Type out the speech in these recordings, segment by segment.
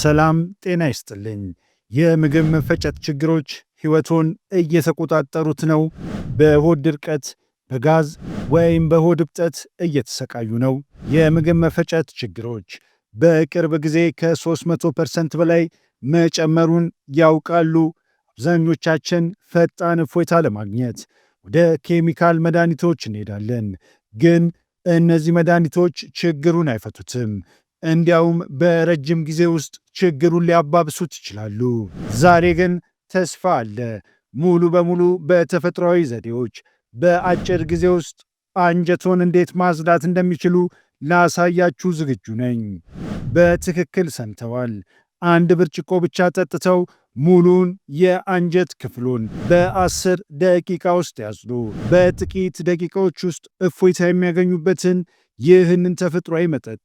ሰላም ጤና ይስጥልኝ። የምግብ መፈጨት ችግሮች ሕይወቱን እየተቆጣጠሩት ነው። በሆድ ድርቀት፣ በጋዝ ወይም በሆድ እብጠት እየተሰቃዩ ነው። የምግብ መፈጨት ችግሮች በቅርብ ጊዜ ከ300 ፐርሰንት በላይ መጨመሩን ያውቃሉ? አብዛኞቻችን ፈጣን እፎይታ ለማግኘት ወደ ኬሚካል መድኃኒቶች እንሄዳለን፣ ግን እነዚህ መድኃኒቶች ችግሩን አይፈቱትም። እንዲያውም በረጅም ጊዜ ውስጥ ችግሩን ሊያባብሱት ይችላሉ። ዛሬ ግን ተስፋ አለ። ሙሉ በሙሉ በተፈጥሯዊ ዘዴዎች በአጭር ጊዜ ውስጥ አንጀቶን እንዴት ማጽዳት እንደሚችሉ ላሳያችሁ ዝግጁ ነኝ። በትክክል ሰምተዋል። አንድ ብርጭቆ ብቻ ጠጥተው ሙሉን የአንጀት ክፍሉን በአስር ደቂቃ ውስጥ ያጽዱ። በጥቂት ደቂቃዎች ውስጥ እፎይታ የሚያገኙበትን ይህንን ተፈጥሯዊ መጠጥ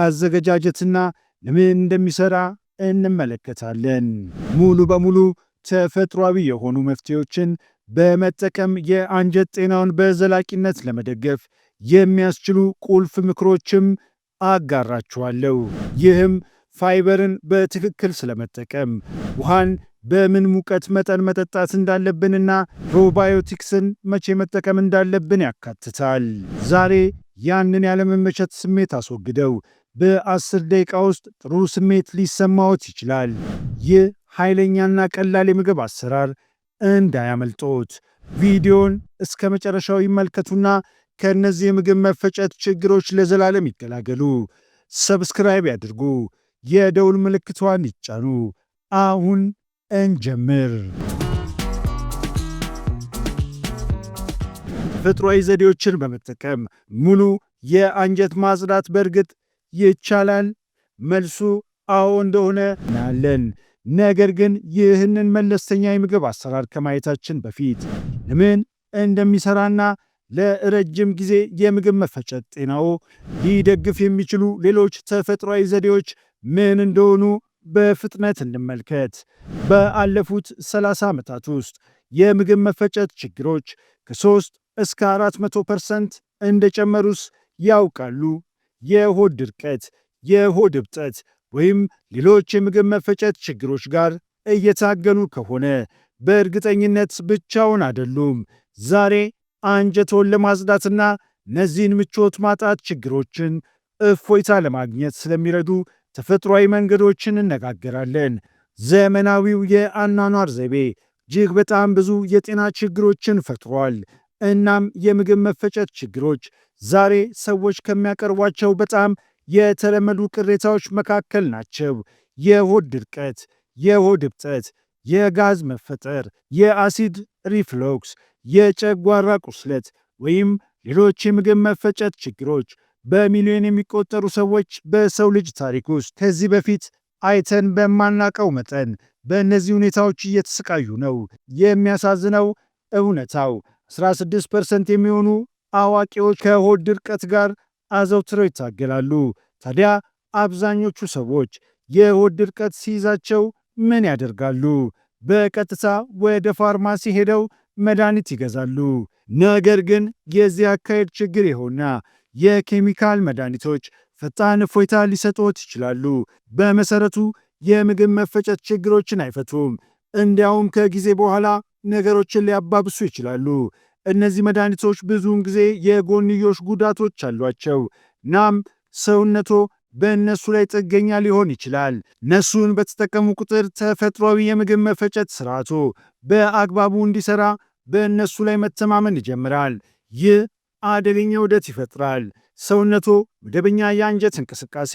አዘገጃጀትና ለምን እንደሚሰራ እንመለከታለን። ሙሉ በሙሉ ተፈጥሯዊ የሆኑ መፍትሄዎችን በመጠቀም የአንጀት ጤናውን በዘላቂነት ለመደገፍ የሚያስችሉ ቁልፍ ምክሮችም አጋራችኋለሁ። ይህም ፋይበርን በትክክል ስለመጠቀም፣ ውሃን በምን ሙቀት መጠን መጠጣት እንዳለብንና ፕሮባዮቲክስን መቼ መጠቀም እንዳለብን ያካትታል። ዛሬ ያንን ያለመመቸት ስሜት አስወግደው በአስር ደቂቃ ውስጥ ጥሩ ስሜት ሊሰማዎት ይችላል። ይህ ኃይለኛና ቀላል የምግብ አሰራር እንዳያመልጦት። ቪዲዮን እስከ መጨረሻው ይመልከቱና ከእነዚህ የምግብ መፈጨት ችግሮች ለዘላለም ይገላገሉ። ሰብስክራይብ ያድርጉ፣ የደውል ምልክቷን ይጫኑ። አሁን እንጀምር። ተፈጥሯዊ ዘዴዎችን በመጠቀም ሙሉ የአንጀት ማጽዳት በእርግጥ ይቻላል? መልሱ አዎ እንደሆነ እናያለን። ነገር ግን ይህንን መለስተኛ የምግብ አሰራር ከማየታችን በፊት ለምን እንደሚሰራና ለረጅም ጊዜ የምግብ መፈጨት ጤናው ሊደግፍ የሚችሉ ሌሎች ተፈጥሯዊ ዘዴዎች ምን እንደሆኑ በፍጥነት እንመልከት። በአለፉት 30 ዓመታት ውስጥ የምግብ መፈጨት ችግሮች ከ3 እስከ 400 ፐርሰንት እንደጨመሩስ ያውቃሉ? የሆድ ድርቀት፣ የሆድ እብጠት ወይም ሌሎች የምግብ መፈጨት ችግሮች ጋር እየታገሉ ከሆነ በእርግጠኝነት ብቻውን አይደሉም። ዛሬ አንጀቶን ለማጽዳትና እነዚህን ምቾት ማጣት ችግሮችን እፎይታ ለማግኘት ስለሚረዱ ተፈጥሯዊ መንገዶችን እነጋገራለን። ዘመናዊው የአኗኗር ዘይቤ እጅግ በጣም ብዙ የጤና ችግሮችን ፈጥሯል። እናም የምግብ መፈጨት ችግሮች ዛሬ ሰዎች ከሚያቀርቧቸው በጣም የተለመዱ ቅሬታዎች መካከል ናቸው። የሆድ ድርቀት፣ የሆድ እብጠት፣ የጋዝ መፈጠር፣ የአሲድ ሪፍሎክስ፣ የጨጓራ ቁስለት ወይም ሌሎች የምግብ መፈጨት ችግሮች በሚሊዮን የሚቆጠሩ ሰዎች በሰው ልጅ ታሪክ ውስጥ ከዚህ በፊት አይተን በማናቀው መጠን በእነዚህ ሁኔታዎች እየተሰቃዩ ነው። የሚያሳዝነው እውነታው 16 ፐርሰንት የሚሆኑ አዋቂዎች ከሆድ ድርቀት ጋር አዘውትረው ይታገላሉ። ታዲያ አብዛኞቹ ሰዎች የሆድ ድርቀት ሲይዛቸው ምን ያደርጋሉ? በቀጥታ ወደ ፋርማሲ ሄደው መድኃኒት ይገዛሉ። ነገር ግን የዚህ አካሄድ ችግር የሆና የኬሚካል መድኃኒቶች ፈጣን እፎይታ ሊሰጡት ይችላሉ። በመሰረቱ የምግብ መፈጨት ችግሮችን አይፈቱም። እንዲያውም ከጊዜ በኋላ ነገሮችን ሊያባብሱ ይችላሉ። እነዚህ መድኃኒቶች ብዙውን ጊዜ የጎንዮሽ ጉዳቶች አሏቸው። ናም ሰውነቶ በእነሱ ላይ ጥገኛ ሊሆን ይችላል። እነሱን በተጠቀሙ ቁጥር ተፈጥሯዊ የምግብ መፈጨት ስርዓቱ በአግባቡ እንዲሰራ በእነሱ ላይ መተማመን ይጀምራል። ይህ አደገኛ ውደት ይፈጥራል። ሰውነቶ መደበኛ የአንጀት እንቅስቃሴ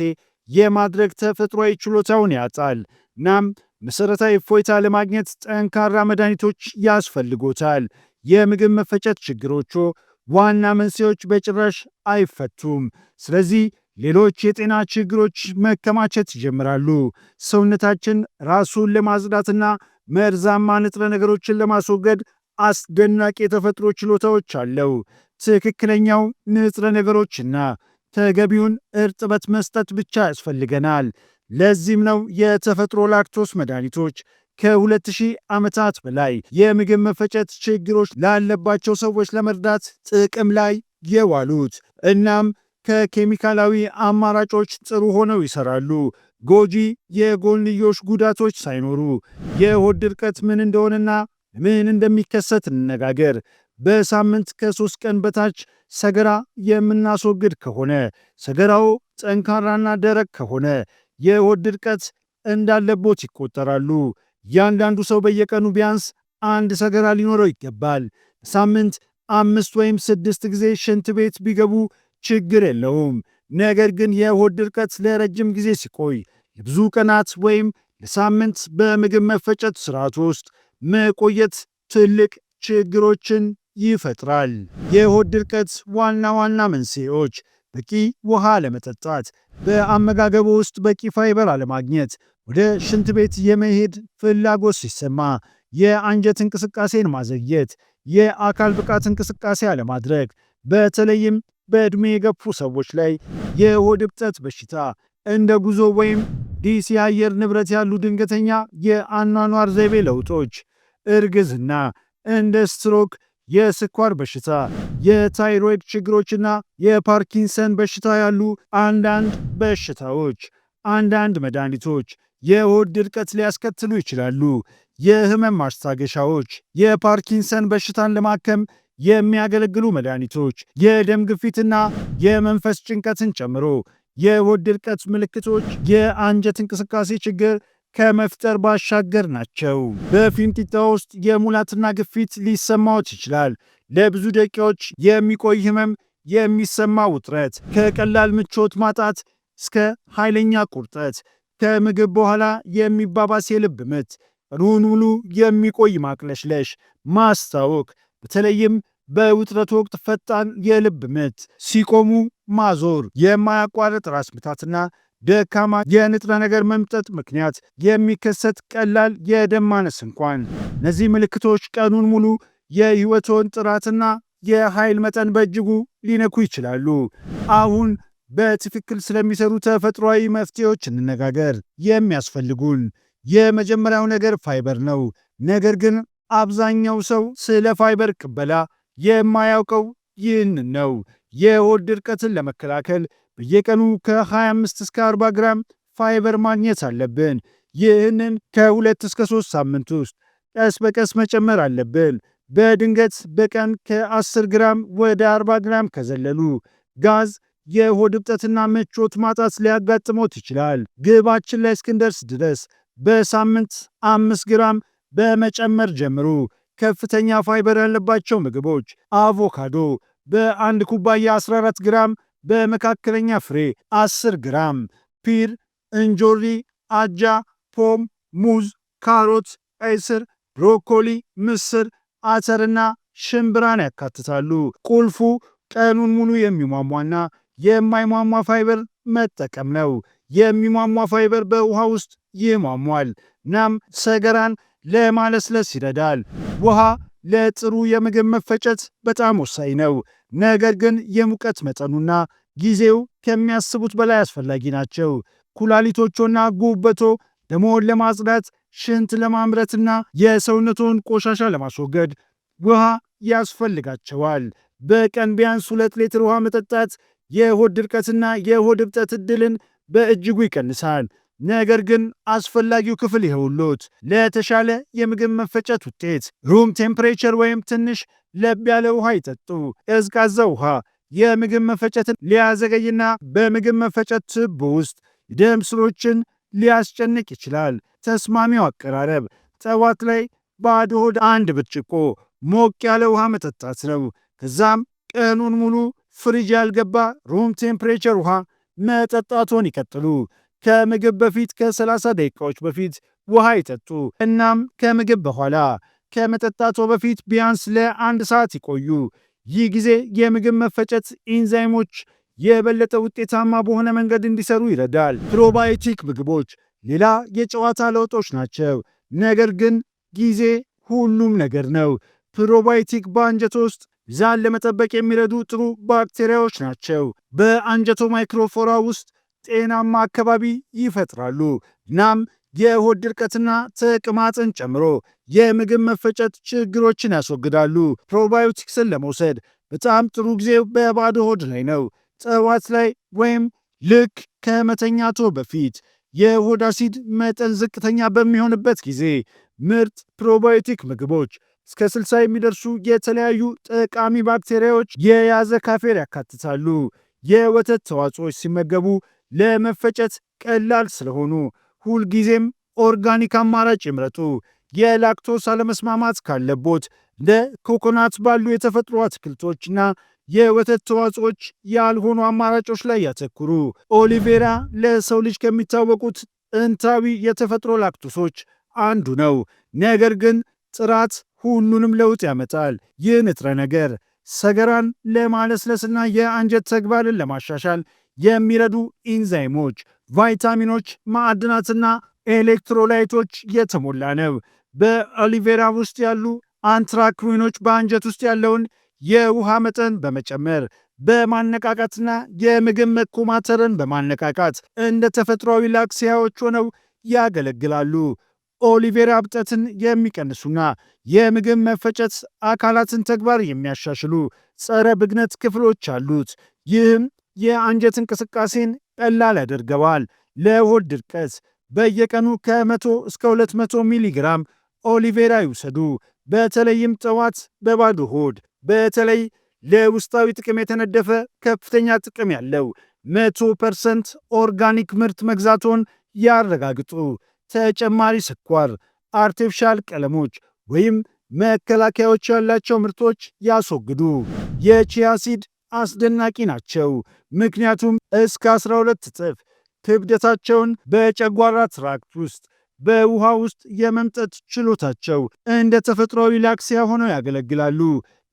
የማድረግ ተፈጥሯዊ ችሎታውን ያጣል። ናም መሰረታዊ እፎይታ ለማግኘት ጠንካራ መድኃኒቶች ያስፈልጎታል። የምግብ መፈጨት ችግሮቹ ዋና መንስኤዎች በጭራሽ አይፈቱም። ስለዚህ ሌሎች የጤና ችግሮች መከማቸት ይጀምራሉ። ሰውነታችን ራሱን ለማጽዳትና መርዛማ ንጥረ ነገሮችን ለማስወገድ አስደናቂ የተፈጥሮ ችሎታዎች አለው። ትክክለኛው ንጥረ ነገሮችና ተገቢውን እርጥበት መስጠት ብቻ ያስፈልገናል። ለዚህም ነው የተፈጥሮ ላክቶስ መድኃኒቶች ከ2000 ዓመታት በላይ የምግብ መፈጨት ችግሮች ላለባቸው ሰዎች ለመርዳት ጥቅም ላይ የዋሉት። እናም ከኬሚካላዊ አማራጮች ጥሩ ሆነው ይሰራሉ፣ ጎጂ የጎንዮሽ ጉዳቶች ሳይኖሩ። የሆድ ድርቀት ምን እንደሆነና ምን እንደሚከሰት እንነጋገር። በሳምንት ከሶስት ቀን በታች ሰገራ የምናስወግድ ከሆነ ሰገራው ጠንካራና ደረቅ ከሆነ የሆድ ድርቀት እንዳለቦት ይቆጠራሉ። እያንዳንዱ ሰው በየቀኑ ቢያንስ አንድ ሰገራ ሊኖረው ይገባል። ሳምንት አምስት ወይም ስድስት ጊዜ ሽንት ቤት ቢገቡ ችግር የለውም። ነገር ግን የሆድ ድርቀት ለረጅም ጊዜ ሲቆይ ለብዙ ቀናት ወይም ለሳምንት በምግብ መፈጨት ስርዓት ውስጥ መቆየት ትልቅ ችግሮችን ይፈጥራል። የሆድ ድርቀት ዋና ዋና መንስኤዎች በቂ ውሃ አለመጠጣት፣ በአመጋገቡ ውስጥ በቂ ፋይበር አለማግኘት፣ ወደ ሽንት ቤት የመሄድ ፍላጎት ሲሰማ የአንጀት እንቅስቃሴን ማዘግየት፣ የአካል ብቃት እንቅስቃሴ አለማድረግ፣ በተለይም በዕድሜ የገፉ ሰዎች ላይ የሆድ እብጠት በሽታ እንደ ጉዞ ወይም ዲሲ አየር ንብረት ያሉ ድንገተኛ የአኗኗር ዘይቤ ለውጦች፣ እርግዝና እንደ ስትሮክ የስኳር በሽታ፣ የታይሮይድ ችግሮችና የፓርኪንሰን በሽታ ያሉ አንዳንድ በሽታዎች። አንዳንድ መድኃኒቶች የሆድ ድርቀት ሊያስከትሉ ይችላሉ። የህመም ማስታገሻዎች፣ የፓርኪንሰን በሽታን ለማከም የሚያገለግሉ መድኃኒቶች፣ የደም ግፊትና የመንፈስ ጭንቀትን ጨምሮ የሆድ ድርቀት ምልክቶች፣ የአንጀት እንቅስቃሴ ችግር ከመፍጠር ባሻገር ናቸው። በፊንጢጣ ውስጥ የሙላትና ግፊት ሊሰማዎት ይችላል። ለብዙ ደቂቃዎች የሚቆይ ህመም፣ የሚሰማ ውጥረት፣ ከቀላል ምቾት ማጣት እስከ ኃይለኛ ቁርጠት፣ ከምግብ በኋላ የሚባባስ የልብ ምት፣ ቀኑን ሙሉ የሚቆይ ማቅለሽለሽ፣ ማስታወክ፣ በተለይም በውጥረት ወቅት ፈጣን የልብ ምት፣ ሲቆሙ ማዞር፣ የማያቋርጥ ራስ ምታትና ደካማ የንጥረ ነገር መምጠጥ ምክንያት የሚከሰት ቀላል የደም ማነስ እንኳን። እነዚህ ምልክቶች ቀኑን ሙሉ የህይወቶን ጥራትና የኃይል መጠን በእጅጉ ሊነኩ ይችላሉ። አሁን በትክክል ስለሚሰሩ ተፈጥሯዊ መፍትሄዎች እንነጋገር። የሚያስፈልጉን የመጀመሪያው ነገር ፋይበር ነው። ነገር ግን አብዛኛው ሰው ስለ ፋይበር ቅበላ የማያውቀው ይህን ነው። የሆድ ድርቀትን ለመከላከል በየቀኑ ከ25 እስከ 40 ግራም ፋይበር ማግኘት አለብን። ይህንን ከሁለት እስከ ሶስት ሳምንት ውስጥ ቀስ በቀስ መጨመር አለብን። በድንገት በቀን ከ10 ግራም ወደ 40 ግራም ከዘለሉ ጋዝ፣ የሆድ እብጠትና ምቾት ማጣት ሊያጋጥሞት ይችላል። ግባችን ላይ እስክንደርስ ድረስ በሳምንት 5 ግራም በመጨመር ጀምሩ። ከፍተኛ ፋይበር ያለባቸው ምግቦች አቮካዶ በአንድ ኩባያ 14 ግራም በመካከለኛ ፍሬ 10 ግራም፣ ፒር፣ እንጆሪ፣ አጃ፣ ፖም፣ ሙዝ፣ ካሮት፣ ቀይስር፣ ብሮኮሊ፣ ምስር፣ አተርና ሽምብራን ያካትታሉ። ቁልፉ ቀኑን ሙሉ የሚሟሟና የማይሟሟ ፋይበር መጠቀም ነው። የሚሟሟ ፋይበር በውሃ ውስጥ ይሟሟል፣ እናም ሰገራን ለማለስለስ ይረዳል። ውሃ ለጥሩ የምግብ መፈጨት በጣም ወሳኝ ነው። ነገር ግን የሙቀት መጠኑና ጊዜው ከሚያስቡት በላይ አስፈላጊ ናቸው። ኩላሊቶቾና ጉበቶ ደሞን ለማጽዳት፣ ሽንት ለማምረትና የሰውነቶን ቆሻሻ ለማስወገድ ውሃ ያስፈልጋቸዋል። በቀን ቢያንስ ሁለት ሌትር ውሃ መጠጣት የሆድ ድርቀትና የሆድ እብጠት እድልን በእጅጉ ይቀንሳል። ነገር ግን አስፈላጊው ክፍል ይኸውሎት ለተሻለ የምግብ መፈጨት ውጤት ሩም ቴምፕሬቸር ወይም ትንሽ ለብ ያለ ውሃ ይጠጡ። ቀዝቃዛ ውሃ የምግብ መፈጨትን ሊያዘገይና በምግብ መፈጨት ቱቦ ውስጥ ደም ስሮችን ሊያስጨንቅ ይችላል። ተስማሚው አቀራረብ ጠዋት ላይ ባዶ ሆድ አንድ ብርጭቆ ሞቅ ያለ ውሃ መጠጣት ነው። ከዛም ቀኑን ሙሉ ፍሪጅ ያልገባ ሩም ቴምፕሬቸር ውሃ መጠጣቶን ይቀጥሉ። ከምግብ በፊት ከ30 ደቂቃዎች በፊት ውሃ ይጠጡ። እናም ከምግብ በኋላ ከመጠጣቶ በፊት ቢያንስ ለአንድ ሰዓት ይቆዩ። ይህ ጊዜ የምግብ መፈጨት ኢንዛይሞች የበለጠ ውጤታማ በሆነ መንገድ እንዲሰሩ ይረዳል። ፕሮባዮቲክ ምግቦች ሌላ የጨዋታ ለውጦች ናቸው፣ ነገር ግን ጊዜ ሁሉም ነገር ነው። ፕሮባዮቲክ በአንጀቶ ውስጥ ዛን ለመጠበቅ የሚረዱ ጥሩ ባክቴሪያዎች ናቸው። በአንጀቶ ማይክሮፎራ ውስጥ ጤናማ አካባቢ ይፈጥራሉ። እናም የሆድ ድርቀትና ተቅማጥን ጨምሮ የምግብ መፈጨት ችግሮችን ያስወግዳሉ። ፕሮባዮቲክስን ለመውሰድ በጣም ጥሩ ጊዜ በባዶ ሆድ ላይ ነው። ጠዋት ላይ ወይም ልክ ከመተኛቶ በፊት የሆድ አሲድ መጠን ዝቅተኛ በሚሆንበት ጊዜ ምርጥ ፕሮባዮቲክ ምግቦች እስከ 60 የሚደርሱ የተለያዩ ጠቃሚ ባክቴሪያዎች የያዘ ካፌር ያካትታሉ። የወተት ተዋጽኦች ሲመገቡ ለመፈጨት ቀላል ስለሆኑ ሁልጊዜም ኦርጋኒክ አማራጭ ይምረጡ። የላክቶስ አለመስማማት ካለቦት ለኮኮናት ባሉ የተፈጥሮ አትክልቶችና የወተት ተዋጽኦች ያልሆኑ አማራጮች ላይ ያተኩሩ። ኦሊቬራ ለሰው ልጅ ከሚታወቁት ጥንታዊ የተፈጥሮ ላክቶሶች አንዱ ነው። ነገር ግን ጥራት ሁሉንም ለውጥ ያመጣል። ይህ ንጥረ ነገር ሰገራን ለማለስለስና የአንጀት ተግባርን ለማሻሻል የሚረዱ ኢንዛይሞች፣ ቫይታሚኖች፣ ማዕድናትና ኤሌክትሮላይቶች የተሞላ ነው። በኦሊቬራ ውስጥ ያሉ አንትራኩዊኖች በአንጀት ውስጥ ያለውን የውሃ መጠን በመጨመር በማነቃቃትና የምግብ መኮማተርን በማነቃቃት እንደ ተፈጥሯዊ ላክሲያዎች ሆነው ያገለግላሉ። ኦሊቬራ እብጠትን የሚቀንሱና የምግብ መፈጨት አካላትን ተግባር የሚያሻሽሉ ጸረ ብግነት ክፍሎች አሉት። ይህም የአንጀት እንቅስቃሴን ቀላል ያደርገዋል። ለሆድ ድርቀት በየቀኑ ከ100 እስከ 200 ሚሊግራም ኦሊቬራ ይውሰዱ፣ በተለይም ጠዋት በባዶ ሆድ። በተለይ ለውስጣዊ ጥቅም የተነደፈ ከፍተኛ ጥቅም ያለው 100 ፐርሰንት ኦርጋኒክ ምርት መግዛቶን ያረጋግጡ። ተጨማሪ ስኳር፣ አርቲፊሻል ቀለሞች ወይም መከላከያዎች ያላቸው ምርቶች ያስወግዱ። የቺያ ሲድ አስደናቂ ናቸው። ምክንያቱም እስከ 12 እጥፍ ክብደታቸውን በጨጓራ ትራክት ውስጥ በውሃ ውስጥ የመምጠት ችሎታቸው እንደ ተፈጥሯዊ ላክሲያ ሆነው ያገለግላሉ።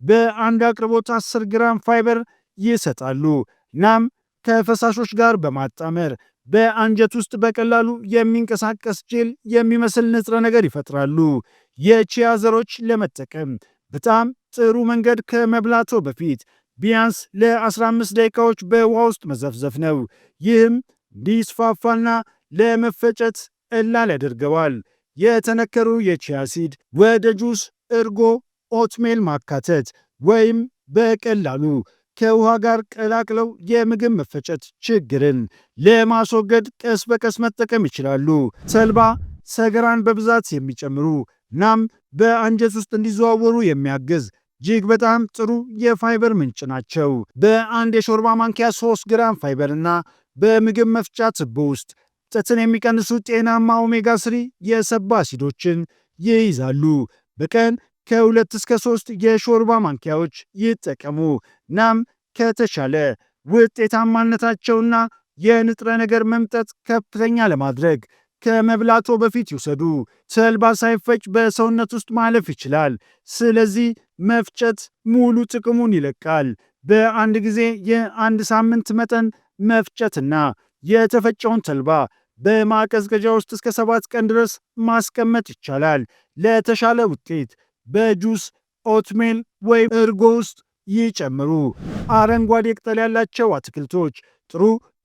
በአንድ አቅርቦት 10 ግራም ፋይበር ይሰጣሉ። ናም ከፈሳሾች ጋር በማጣመር በአንጀት ውስጥ በቀላሉ የሚንቀሳቀስ ጄል የሚመስል ንጥረ ነገር ይፈጥራሉ። የቺያ ዘሮች ለመጠቀም በጣም ጥሩ መንገድ ከመብላቶ በፊት ቢያንስ ለ15 ደቂቃዎች በውሃ ውስጥ መዘፍዘፍ ነው። ይህም እንዲስፋፋና ለመፈጨት እላል ያደርገዋል። የተነከሩ የቺያ ሲድ ወደ ጁስ፣ እርጎ፣ ኦትሜል ማካተት ወይም በቀላሉ ከውሃ ጋር ቀላቅለው የምግብ መፈጨት ችግርን ለማስወገድ ቀስ በቀስ መጠቀም ይችላሉ። ተልባ ሰገራን በብዛት የሚጨምሩ እናም በአንጀት ውስጥ እንዲዘዋወሩ የሚያግዝ እጅግ በጣም ጥሩ የፋይበር ምንጭ ናቸው። በአንድ የሾርባ ማንኪያ 3 ግራም ፋይበር በምግብ መፍጫ ትቦ ውስጥ ጥትን የሚቀንሱ ጤናማ ኦሜጋ 3 የሰባ አሲዶችን ይይዛሉ። በቀን ከሁለት እስከ ሶስት የሾርባ ማንኪያዎች ይጠቀሙ። ናም ከተቻለ ውጤታማነታቸውና የንጥረ ነገር መምጠጥ ከፍተኛ ለማድረግ ከመብላቶ በፊት ይውሰዱ። ሰልባ ሳይፈጭ በሰውነት ውስጥ ማለፍ ይችላል። ስለዚህ መፍጨት ሙሉ ጥቅሙን ይለቃል። በአንድ ጊዜ የአንድ ሳምንት መጠን መፍጨትና የተፈጨውን ተልባ በማቀዝቀዣ ውስጥ እስከ ሰባት ቀን ድረስ ማስቀመጥ ይቻላል። ለተሻለ ውጤት በጁስ ኦትሜል ወይም እርጎ ውስጥ ይጨምሩ። አረንጓዴ ቅጠል ያላቸው አትክልቶች ጥሩ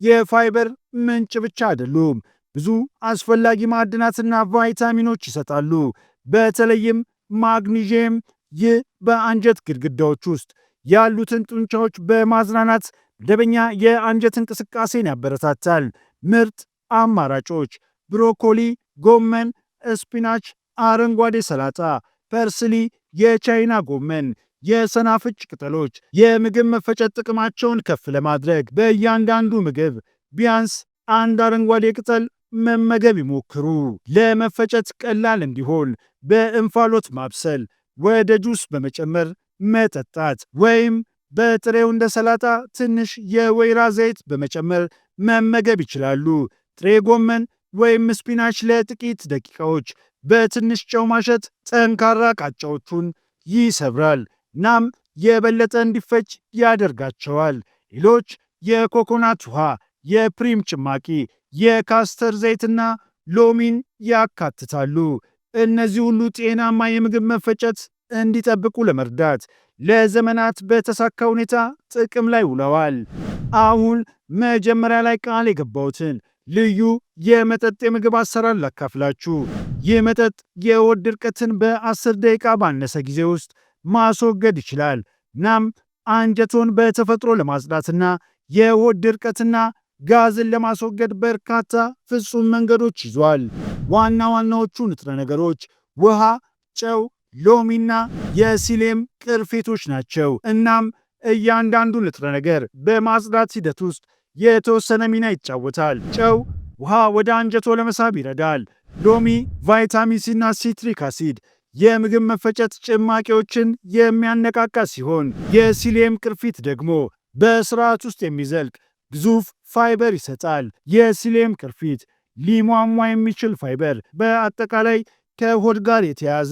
የፋይበር ምንጭ ብቻ አይደሉም ብዙ አስፈላጊ ማዕድናትና ቫይታሚኖች ይሰጣሉ። በተለይም ማግኒዥየም፣ ይህ በአንጀት ግድግዳዎች ውስጥ ያሉትን ጡንቻዎች በማዝናናት መደበኛ የአንጀት እንቅስቃሴን ያበረታታል። ምርጥ አማራጮች ብሮኮሊ፣ ጎመን፣ ስፒናች፣ አረንጓዴ ሰላጣ፣ ፐርስሊ፣ የቻይና ጎመን፣ የሰናፍጭ ቅጠሎች የምግብ መፈጨት ጥቅማቸውን ከፍ ለማድረግ በእያንዳንዱ ምግብ ቢያንስ አንድ አረንጓዴ ቅጠል መመገብ ይሞክሩ። ለመፈጨት ቀላል እንዲሆን በእንፋሎት ማብሰል፣ ወደ ጁስ በመጨመር መጠጣት ወይም በጥሬው እንደ ሰላጣ ትንሽ የወይራ ዘይት በመጨመር መመገብ ይችላሉ። ጥሬ ጎመን ወይም ስፒናች ለጥቂት ደቂቃዎች በትንሽ ጨው ማሸት ጠንካራ ቃጫዎቹን ይሰብራል እናም የበለጠ እንዲፈጭ ያደርጋቸዋል። ሌሎች የኮኮናት ውሃ፣ የፕሪም ጭማቂ የካስተር ዘይትና ሎሚን ያካትታሉ። እነዚህ ሁሉ ጤናማ የምግብ መፈጨት እንዲጠብቁ ለመርዳት ለዘመናት በተሳካ ሁኔታ ጥቅም ላይ ውለዋል። አሁን መጀመሪያ ላይ ቃል የገባሁትን ልዩ የመጠጥ የምግብ አሰራር ላካፍላችሁ። ይህ መጠጥ የሆድ ድርቀትን በአስር ደቂቃ ባነሰ ጊዜ ውስጥ ማስወገድ ይችላል። ናም አንጀቶን በተፈጥሮ ለማጽዳትና የሆድ ድርቀትና ጋዝን ለማስወገድ በርካታ ፍጹም መንገዶች ይዟል። ዋና ዋናዎቹ ንጥረ ነገሮች ውሃ፣ ጨው፣ ሎሚና የሲሌም ቅርፊቶች ናቸው። እናም እያንዳንዱ ንጥረ ነገር በማጽዳት ሂደት ውስጥ የተወሰነ ሚና ይጫወታል። ጨው ውሃ ወደ አንጀቶ ለመሳብ ይረዳል። ሎሚ ቫይታሚን ሲና ሲትሪክ አሲድ የምግብ መፈጨት ጭማቂዎችን የሚያነቃቃ ሲሆን፣ የሲሌም ቅርፊት ደግሞ በስርዓት ውስጥ የሚዘልቅ ግዙፍ ፋይበር ይሰጣል። የሲሌም ቅርፊት ሊሟሟ የሚችል ፋይበር በአጠቃላይ ከሆድ ጋር የተያዘ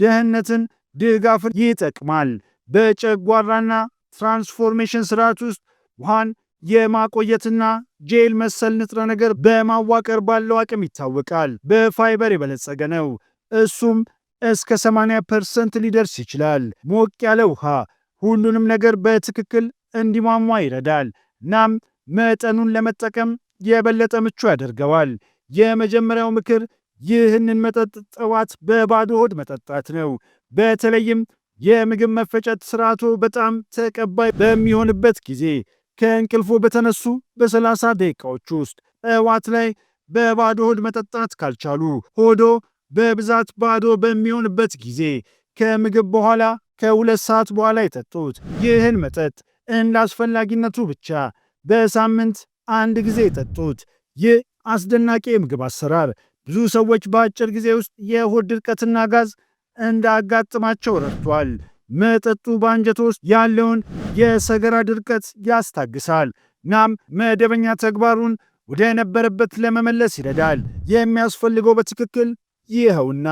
ደህንነትን፣ ድጋፍን ይጠቅማል። በጨጓራና ትራንስፎርሜሽን ስርዓት ውስጥ ውሃን የማቆየትና ጄል መሰል ንጥረ ነገር በማዋቀር ባለው አቅም ይታወቃል። በፋይበር የበለጸገ ነው። እሱም እስከ 80 ፐርሰንት ሊደርስ ይችላል። ሞቅ ያለ ውሃ ሁሉንም ነገር በትክክል እንዲሟሟ ይረዳል። እናም መጠኑን ለመጠቀም የበለጠ ምቹ ያደርገዋል። የመጀመሪያው ምክር ይህንን መጠጥ ጠዋት በባዶ ሆድ መጠጣት ነው። በተለይም የምግብ መፈጨት ስርዓቱ በጣም ተቀባይ በሚሆንበት ጊዜ ከእንቅልፎ በተነሱ በ30 ደቂቃዎች ውስጥ ጠዋት ላይ በባዶ ሆድ መጠጣት ካልቻሉ ሆዶ በብዛት ባዶ በሚሆንበት ጊዜ ከምግብ በኋላ ከሁለት ሰዓት በኋላ የጠጡት ይህን መጠጥ እንደ አስፈላጊነቱ ብቻ በሳምንት አንድ ጊዜ ጠጡት። ይህ አስደናቂ የምግብ አሰራር ብዙ ሰዎች በአጭር ጊዜ ውስጥ የሆድ ድርቀትና ጋዝ እንዳጋጥማቸው ረድቷል። መጠጡ በአንጀቶ ውስጥ ያለውን የሰገራ ድርቀት ያስታግሳል፣ እናም መደበኛ ተግባሩን ወደ ነበረበት ለመመለስ ይረዳል። የሚያስፈልገው በትክክል ይኸውና፣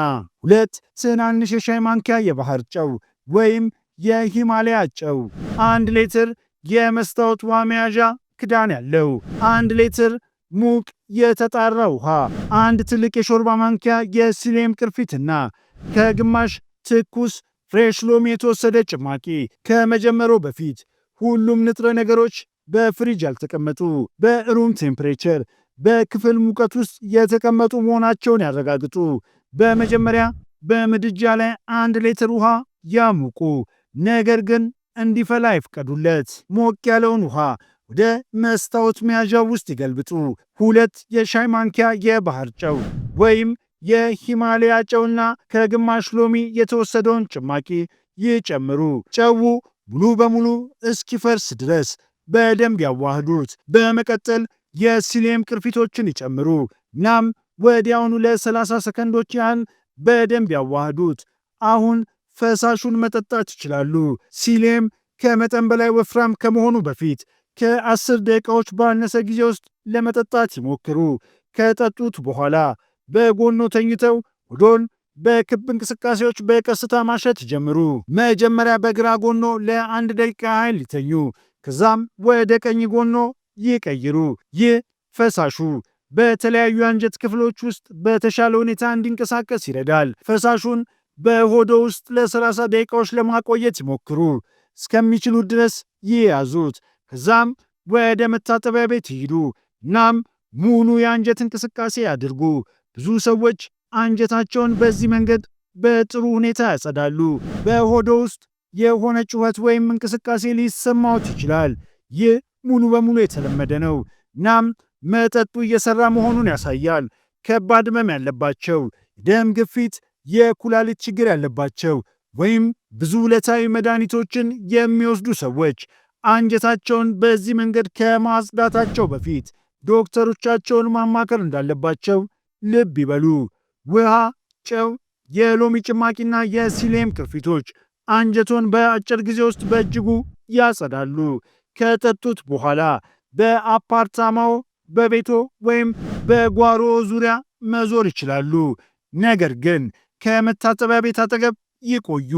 ሁለት ትናንሽ የሻይ ማንኪያ የባህር ጨው ወይም የሂማሊያ ጨው፣ አንድ ሌትር የመስታወት ውሃ መያዣ ክዳን ያለው፣ አንድ ሌትር ሙቅ የተጣራ ውሃ፣ አንድ ትልቅ የሾርባ ማንኪያ የሲሌም ቅርፊትና ከግማሽ ትኩስ ፍሬሽ ሎሚ የተወሰደ ጭማቂ። ከመጀመሩ በፊት ሁሉም ንጥረ ነገሮች በፍሪጅ ያልተቀመጡ በሩም ቴምፕሬቸር በክፍል ሙቀት ውስጥ የተቀመጡ መሆናቸውን ያረጋግጡ። በመጀመሪያ በምድጃ ላይ አንድ ሌትር ውሃ ያሙቁ፣ ነገር ግን እንዲፈላ ይፍቀዱለት። ሞቅ ያለውን ውሃ ወደ መስታወት መያዣ ውስጥ ይገልብጡ። ሁለት የሻይ ማንኪያ የባህር ጨው ወይም የሂማሊያ ጨውና ከግማሽ ሎሚ የተወሰደውን ጭማቂ ይጨምሩ። ጨው ሙሉ በሙሉ እስኪፈርስ ድረስ በደንብ ያዋህዱት። በመቀጠል የሲሊየም ቅርፊቶችን ይጨምሩ። እናም ወዲያውኑ ለ30 ሰከንዶች ያህል በደንብ ያዋህዱት። አሁን ፈሳሹን መጠጣት ይችላሉ። ሲሌም ከመጠን በላይ ወፍራም ከመሆኑ በፊት ከአስር ደቂቃዎች ባነሰ ጊዜ ውስጥ ለመጠጣት ይሞክሩ። ከጠጡት በኋላ በጎኖ ተኝተው ሆዶን በክብ እንቅስቃሴዎች በቀስታ ማሸት ጀምሩ። መጀመሪያ በግራ ጎኖ ለአንድ ደቂቃ ያህል ይተኙ። ከዛም ወደ ቀኝ ጎኖ ይቀይሩ። ይህ ፈሳሹ በተለያዩ አንጀት ክፍሎች ውስጥ በተሻለ ሁኔታ እንዲንቀሳቀስ ይረዳል። ፈሳሹን በሆዶ ውስጥ ለሰላሳ ደቂቃዎች ለማቆየት ይሞክሩ። እስከሚችሉ ድረስ ይያዙት። ከዛም ወደ መታጠቢያ ቤት ይሂዱ። እናም ሙሉ የአንጀት እንቅስቃሴ ያድርጉ። ብዙ ሰዎች አንጀታቸውን በዚህ መንገድ በጥሩ ሁኔታ ያጸዳሉ። በሆዶ ውስጥ የሆነ ጩኸት ወይም እንቅስቃሴ ሊሰማዎት ይችላል። ይህ ሙሉ በሙሉ የተለመደ ነው። እናም መጠጡ እየሰራ መሆኑን ያሳያል። ከባድ ህመም ያለባቸው፣ ደም ግፊት የኩላሊት ችግር ያለባቸው ወይም ብዙ ዕለታዊ መድኃኒቶችን የሚወስዱ ሰዎች አንጀታቸውን በዚህ መንገድ ከማጽዳታቸው በፊት ዶክተሮቻቸውን ማማከር እንዳለባቸው ልብ ይበሉ። ውሃ፣ ጨው፣ የሎሚ ጭማቂና የሲሌም ቅርፊቶች አንጀቶን በአጭር ጊዜ ውስጥ በእጅጉ ያጸዳሉ። ከጠጡት በኋላ በአፓርታማው፣ በቤቶ ወይም በጓሮ ዙሪያ መዞር ይችላሉ። ነገር ግን ከመታጠቢያ ቤት አጠገብ ይቆዩ።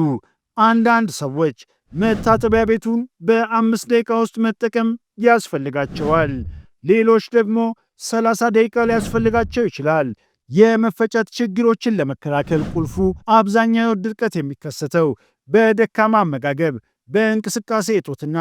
አንዳንድ ሰዎች መታጠቢያ ቤቱን በአምስት ደቂቃ ውስጥ መጠቀም ያስፈልጋቸዋል። ሌሎች ደግሞ 30 ደቂቃ ሊያስፈልጋቸው ይችላል። የመፈጨት ችግሮችን ለመከላከል ቁልፉ አብዛኛው ድርቀት የሚከሰተው በደካማ አመጋገብ፣ በእንቅስቃሴ እጦትና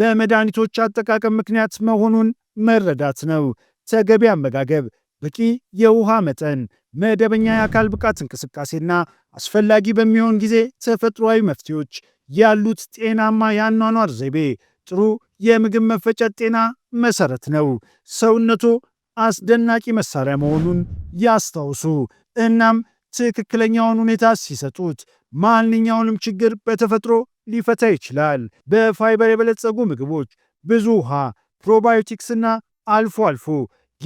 በመድኃኒቶች አጠቃቀም ምክንያት መሆኑን መረዳት ነው። ተገቢ አመጋገብ በቂ የውሃ መጠን፣ መደበኛ የአካል ብቃት እንቅስቃሴና አስፈላጊ በሚሆን ጊዜ ተፈጥሯዊ መፍትሄዎች ያሉት ጤናማ የአኗኗር ዘይቤ ጥሩ የምግብ መፈጨት ጤና መሰረት ነው። ሰውነቱ አስደናቂ መሳሪያ መሆኑን ያስታውሱ። እናም ትክክለኛውን ሁኔታ ሲሰጡት ማንኛውንም ችግር በተፈጥሮ ሊፈታ ይችላል። በፋይበር የበለጸጉ ምግቦች፣ ብዙ ውሃ፣ ፕሮባዮቲክስና አልፎ አልፎ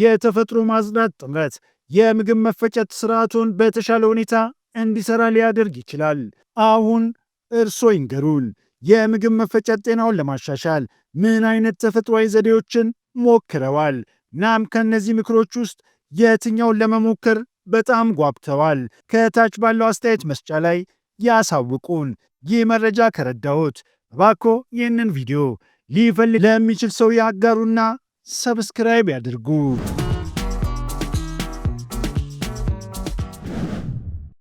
የተፈጥሮ ማጽዳት ጥምረት የምግብ መፈጨት ስርዓቱን በተሻለ ሁኔታ እንዲሰራ ሊያደርግ ይችላል። አሁን እርሶ ይንገሩን፣ የምግብ መፈጨት ጤናውን ለማሻሻል ምን አይነት ተፈጥሯዊ ዘዴዎችን ሞክረዋል? ናም ከእነዚህ ምክሮች ውስጥ የትኛውን ለመሞከር በጣም ጓጉተዋል? ከታች ባለው አስተያየት መስጫ ላይ ያሳውቁን። ይህ መረጃ ከረዳዎት እባክዎ ይህንን ቪዲዮ ሊፈልግ ለሚችል ሰው ያጋሩና ሰብስክራይብ ያድርጉ።